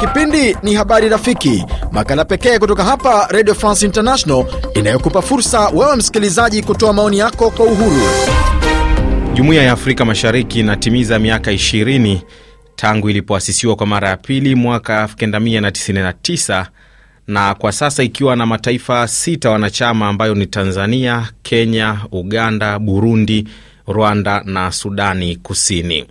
Kipindi ni Habari Rafiki, makala pekee kutoka hapa Radio France International inayokupa fursa wewe msikilizaji kutoa maoni yako kwa uhuru. Jumuiya ya Afrika Mashariki inatimiza miaka 20 tangu ilipoasisiwa kwa mara ya pili mwaka 1999 na kwa sasa ikiwa na mataifa sita wanachama ambayo ni Tanzania, Kenya, Uganda, Burundi, Rwanda na Sudani Kusini.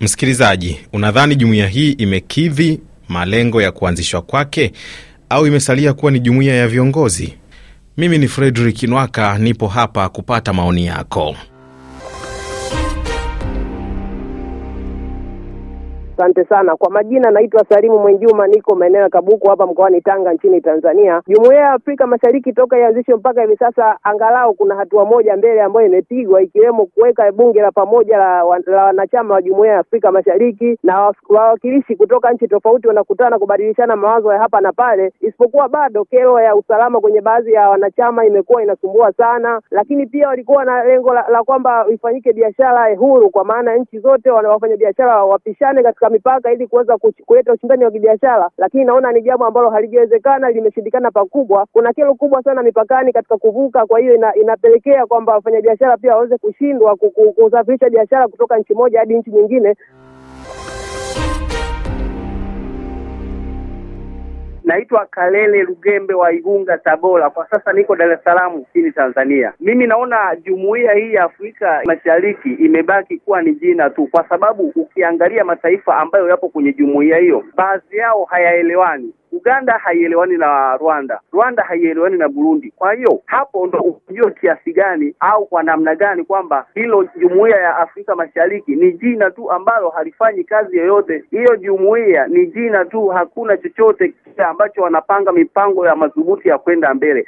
Msikilizaji, unadhani jumuiya hii imekidhi malengo ya kuanzishwa kwake au imesalia kuwa ni jumuiya ya viongozi? Mimi ni Fredrik Nwaka, nipo hapa kupata maoni yako. Asante sana kwa majina, naitwa Salimu Mwenjuma, niko maeneo ya Kabuku hapa mkoani Tanga nchini Tanzania. Jumuiya ya Afrika Mashariki toka ianzishwe mpaka hivi sasa, angalau kuna hatua moja mbele ambayo imepigwa, ikiwemo kuweka bunge la pamoja la wanachama wa Jumuiya ya Afrika Mashariki, na wawakilishi kutoka nchi tofauti wanakutana kubadilishana mawazo ya hapa na pale, isipokuwa bado kero ya usalama kwenye baadhi ya wanachama imekuwa inasumbua sana, lakini pia walikuwa na lengo la, la kwamba ifanyike biashara huru, kwa maana nchi zote wafanya biashara wapishane katika mipaka ili kuweza kuleta ushindani wa kibiashara, lakini naona ni jambo ambalo halijawezekana, limeshindikana pakubwa. Kuna kero kubwa sana mipakani katika kuvuka, kwa hiyo ina, inapelekea kwamba wafanyabiashara pia waweze kushindwa kusafirisha biashara kutoka nchi moja hadi nchi nyingine. Naitwa Kalele Lugembe wa Igunga, Tabora. Kwa sasa niko Dar es Salaam nchini Tanzania. Mimi naona jumuiya hii ya Afrika Mashariki imebaki kuwa ni jina tu, kwa sababu ukiangalia mataifa ambayo yapo kwenye jumuiya hiyo, baadhi yao hayaelewani. Uganda haielewani na Rwanda, Rwanda haielewani na Burundi. Kwa hiyo hapo ndo ujio kiasi gani au kwa namna gani kwamba hilo jumuiya ya Afrika Mashariki ni jina tu ambalo halifanyi kazi yoyote. Hiyo jumuiya ni jina tu, hakuna chochote kile ambacho wanapanga mipango ya madhubuti ya kwenda mbele.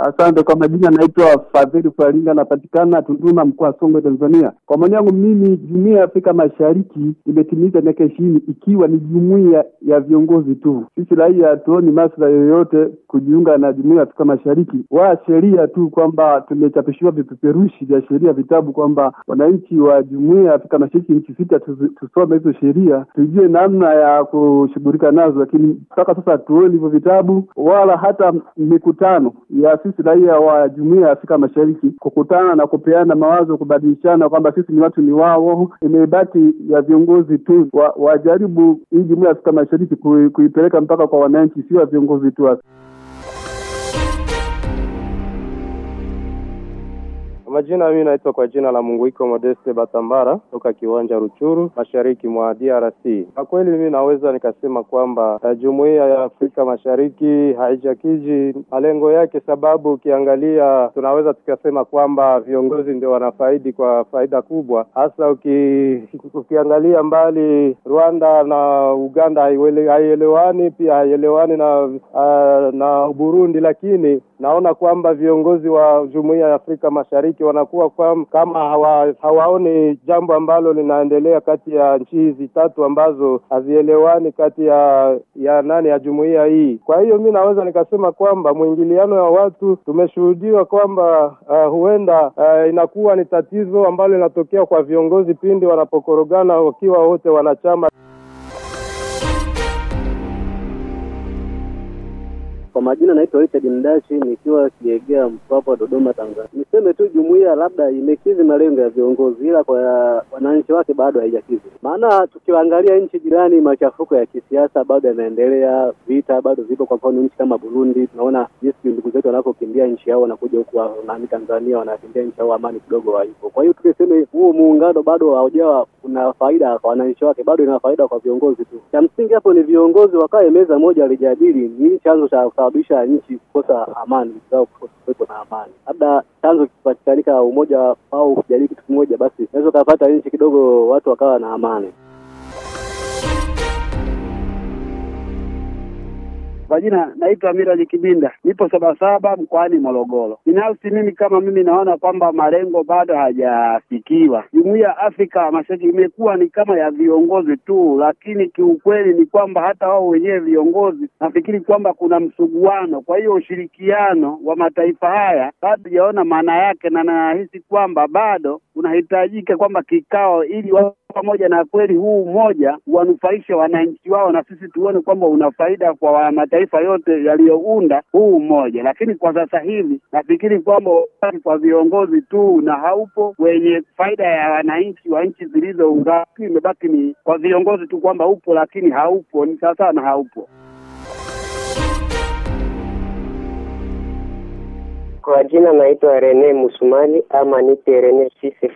Asante kwa majina, naitwa Fadhili Faringa, napatikana Tunduma, mkoa wa Songwe, Tanzania. Kwa maoni yangu mimi, jumuia ya Afrika Mashariki imetimiza miaka ishirini ikiwa ni jumuia ya viongozi tu. Sisi raia hatuoni maslahi yoyote kujiunga na jumuia ya Afrika Mashariki, wa sheria tu kwamba tumechapishiwa vipeperushi vya sheria, vitabu kwamba wananchi wa jumuia ya Afrika Mashariki nchi sita tusome hizo sheria, tujue namna ya kushughulika nazo, lakini mpaka sasa hatuoni hivyo vitabu wala hata mikutano ya sisi raia wa jumuia ya Afrika Mashariki kukutana na kupeana mawazo, kubadilishana kwamba sisi ni watu ni wao. Imebaki ya viongozi tu wajaribu wa hii jumuia ya Afrika Mashariki kuipeleka mpaka kwa wananchi, sio viongozi tu. majina, mimi naitwa kwa jina la Munguiko Modeste Batambara toka kiwanja Ruchuru, mashariki mwa DRC. Kwa kweli, mimi naweza nikasema kwamba eh, jumuiya ya Afrika Mashariki haijakiji malengo yake, sababu ukiangalia, tunaweza tukasema kwamba viongozi ndio wanafaidi kwa faida kubwa, hasa uki, ukiangalia mbali Rwanda na Uganda haielewani, pia haielewani na, uh, na Burundi, lakini naona kwamba viongozi wa Jumuiya ya Afrika Mashariki wanakuwa kama hawa, hawaoni jambo ambalo linaendelea kati ya nchi hizi tatu ambazo hazielewani kati ya ya nani ya jumuiya hii. Kwa hiyo mi naweza nikasema kwamba mwingiliano ya watu tumeshuhudiwa kwamba uh, huenda uh, inakuwa ni tatizo ambalo linatokea kwa viongozi pindi wanapokorogana wakiwa wote wanachama. Kwa majina naitwa Richard Mdashi nikiwa Kiegea Mpwapwa, Dodoma, Tanzania. Niseme tu jumuiya labda imekidhi malengo ya viongozi, ila kwa wananchi wake bado haijakidhi. Maana tukiangalia nchi jirani, machafuko ya kisiasa bado yanaendelea, vita bado zipo. Kwa mfano nchi kama Burundi, tunaona jinsi ndugu zetu wanapokimbia nchi yao wanakuja huku nani Tanzania, wanakimbia nchi yao, amani kidogo waipo. Kwa hiyo tukiseme huo muungano bado haujawa una faida kwa wananchi wake, bado ina faida kwa viongozi tu. Cha msingi hapo ni viongozi wakae meza moja, walijadili nini chanzo cha kusababisha nchi kukosa amani, nchi zao kuwepo na amani. Labda chanzo kipatikanika umoja au kujadili kitu kimoja, basi unaweza ukapata nchi kidogo watu wakawa na amani. Kwa jina naitwa Miraji Kibinda, nipo Sabasaba mkoani Morogoro. Binafsi mimi kama mimi naona kwamba malengo bado hajafikiwa. Jumuiya ya Afrika Mashariki imekuwa ni kama ya viongozi tu, lakini kiukweli ni kwamba hata wao wenyewe viongozi nafikiri kwamba kuna msuguano. Kwa hiyo ushirikiano wa mataifa haya bado sijaona maana yake, na nahisi kwamba bado unahitajika kwamba kikao ili wa pamoja na kweli huu umoja wanufaishe wananchi wao, na sisi tuone kwamba una faida kwa mataifa yote yaliyounda huu umoja. Lakini kwa sasa hivi nafikiri kwamba kwa viongozi tu na haupo wenye faida ya wananchi wa nchi zilizounga, imebaki ni kwa viongozi tu kwamba upo, lakini haupo, ni sawasawa na haupo. Kwa jina naitwa Rene Musumali ama nite Rene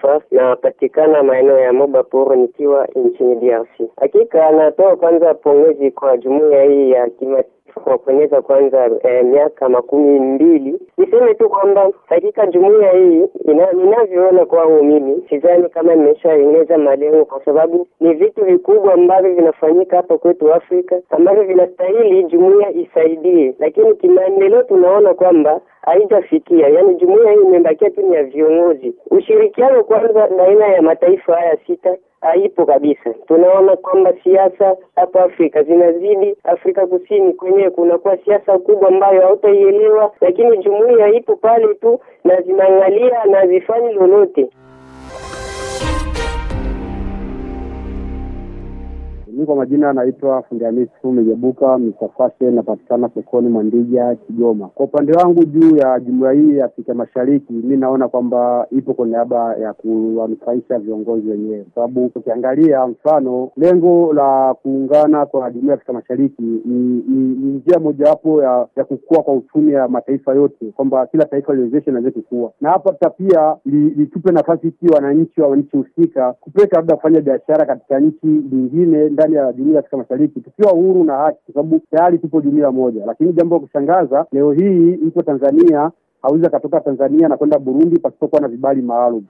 na napatikana maeneo ya Mobaporo nikiwa nchini DRC. Hakika natoa kwanza pongezi kwa jumuiya hii ya kima kwa kueneza kwanza eh, miaka makumi mbili. Niseme tu kwamba katika jumuiya hii ina, ninavyoona kwangu mimi, sidhani kama nimeshaeneza malengo, kwa sababu ni vitu vikubwa ambavyo vinafanyika hapa kwetu Afrika ambavyo vinastahili jumuiya isaidie, lakini kimaendeleo tunaona kwamba haijafikia. Yani jumuiya hii imebakia tu ni ya viongozi. Ushirikiano kwanza baina ya mataifa haya sita haipo kabisa. Tunaona kwamba siasa hapa Afrika zinazidi Afrika Kusini kwenyewe, kunakuwa siasa kubwa ambayo hautaielewa, lakini jumuiya ipo pale tu na zinaangalia na hazifanyi lolote. Mimi kwa majina naitwa Fundi Hamisi Mejebuka Msafashe, napatikana sokoni Mwandija, Kigoma. Kwa upande wangu juu ya jumuiya hii ya Afrika Mashariki, mi naona kwamba ipo kwa niaba ya kuwanufaisha viongozi wenyewe, sababu ukiangalia mfano lengo la kuungana kwa jumuiya ya Afrika Mashariki ni njia mojawapo ya, ya kukua kwa uchumi ya mataifa yote, kwamba kila taifa liwezeshe naweze kukua, na hapa pia litupe li nafasi hii wananchi wa nchi husika kupeleka labda kufanya biashara katika nchi nyingine ndani ya jumuia Afrika Mashariki tukiwa uhuru na haki, kwa sababu tayari tupo jumuia moja. Lakini jambo la kushangaza leo hii mtu wa Tanzania hawezi akatoka Tanzania na kwenda Burundi pasipokuwa na vibali maalum.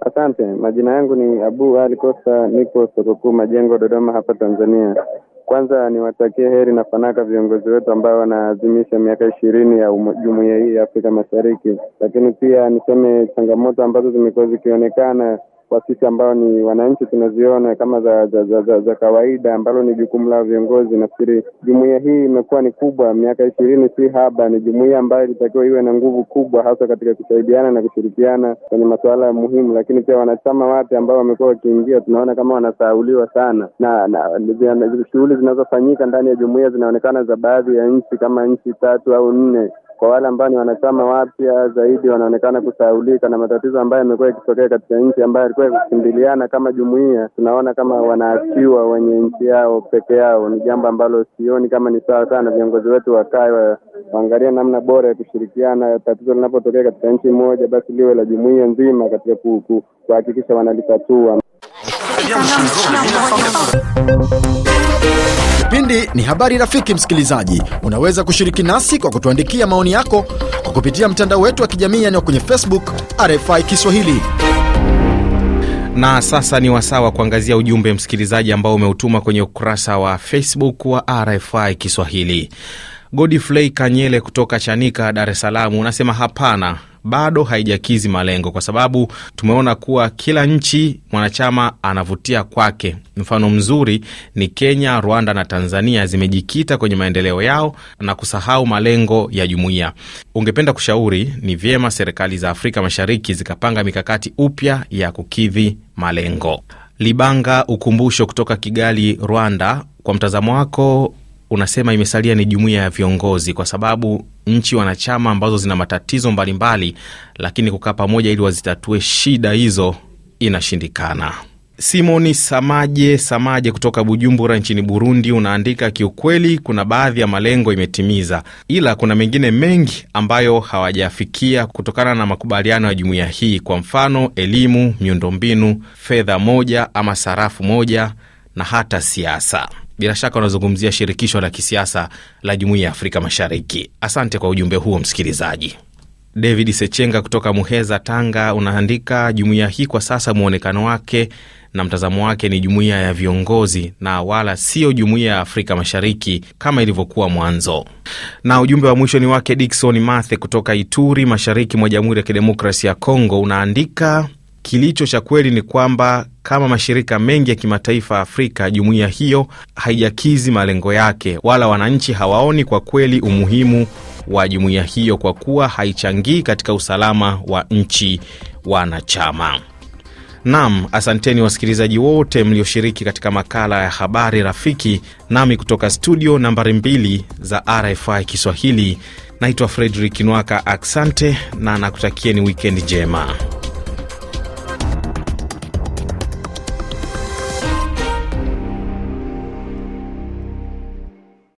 Asante, majina yangu ni Abu Ali Kosta, nipo soko kuu Majengo, Dodoma hapa Tanzania. Kwanza niwatakie heri na fanaka viongozi wetu ambao wanaadhimisha miaka ishirini ya jumuiya hii ya Afrika Mashariki, lakini pia niseme changamoto ambazo zimekuwa zikionekana kwa sisi ambao ni wananchi tunaziona kama za za, za, za, za kawaida ambalo ni jukumu la viongozi. Nafikiri jumuiya hii imekuwa ni kubwa, miaka ishirini si haba. Ni jumuiya ambayo ilitakiwa iwe na nguvu kubwa, hasa katika kusaidiana na kushirikiana kwenye masuala muhimu, lakini pia wanachama wapya ambao wamekuwa wakiingia, tunaona kama wanasahauliwa sana, na, na shughuli zinazofanyika ndani ya jumuiya zinaonekana za baadhi ya nchi kama nchi tatu au nne kwa wale ambao ni wanachama wapya zaidi, wanaonekana kusahaulika na matatizo ambayo yamekuwa yakitokea katika nchi ambayo alikuwa yakukimbiliana kama jumuia tunaona kama wanaachiwa wenye nchi yao peke yao. Ni jambo ambalo sioni kama ni sawa sana. Viongozi wetu wakae waangalie namna bora ya kushirikiana. Tatizo linapotokea katika nchi moja, basi liwe la jumuia nzima katika kuhakikisha wanalitatua. Kipindi ni Habari Rafiki. Msikilizaji, unaweza kushiriki nasi kwa kutuandikia maoni yako kwa kupitia mtandao wetu wa kijamii yaani kwenye Facebook RFI Kiswahili. Na sasa ni wasaa wa kuangazia ujumbe msikilizaji ambao umeutuma kwenye ukurasa wa Facebook wa RFI Kiswahili. godfley Kanyele kutoka Chanika, Dar es salamu unasema hapana bado haijakizi malengo, kwa sababu tumeona kuwa kila nchi mwanachama anavutia kwake. Mfano mzuri ni Kenya, Rwanda na Tanzania zimejikita kwenye maendeleo yao na kusahau malengo ya jumuiya. Ungependa kushauri ni vyema serikali za Afrika Mashariki zikapanga mikakati upya ya kukidhi malengo. Libanga Ukumbusho kutoka Kigali, Rwanda, kwa mtazamo wako unasema imesalia ni jumuiya ya viongozi, kwa sababu nchi wanachama ambazo zina matatizo mbalimbali mbali, lakini kukaa pamoja ili wazitatue shida hizo inashindikana. Simoni Samaje Samaje kutoka Bujumbura nchini Burundi unaandika, kiukweli kuna baadhi ya malengo imetimiza, ila kuna mengine mengi ambayo hawajafikia kutokana na makubaliano ya jumuiya hii. Kwa mfano, elimu, miundombinu, fedha moja ama sarafu moja na hata siasa. Bila shaka unazungumzia shirikisho la kisiasa la jumuiya ya Afrika Mashariki. Asante kwa ujumbe huo msikilizaji. David Sechenga kutoka Muheza, Tanga, unaandika jumuiya hii kwa sasa mwonekano wake na mtazamo wake ni jumuiya ya viongozi na wala sio jumuiya ya Afrika Mashariki kama ilivyokuwa mwanzo. Na ujumbe wa mwisho ni wake dikson Mathe kutoka Ituri, mashariki mwa Jamhuri ya Kidemokrasia ya Kongo, unaandika kilicho cha kweli ni kwamba kama mashirika mengi ya kimataifa ya Afrika, jumuiya hiyo haijakizi malengo yake, wala wananchi hawaoni kwa kweli umuhimu wa jumuiya hiyo kwa kuwa haichangii katika usalama wa nchi wanachama. Nam, asanteni wasikilizaji wote mlioshiriki katika makala ya habari rafiki, nami kutoka studio nambari mbili za RFI Kiswahili, naitwa Fredrik Nwaka. aksante na nakutakieni wikendi njema.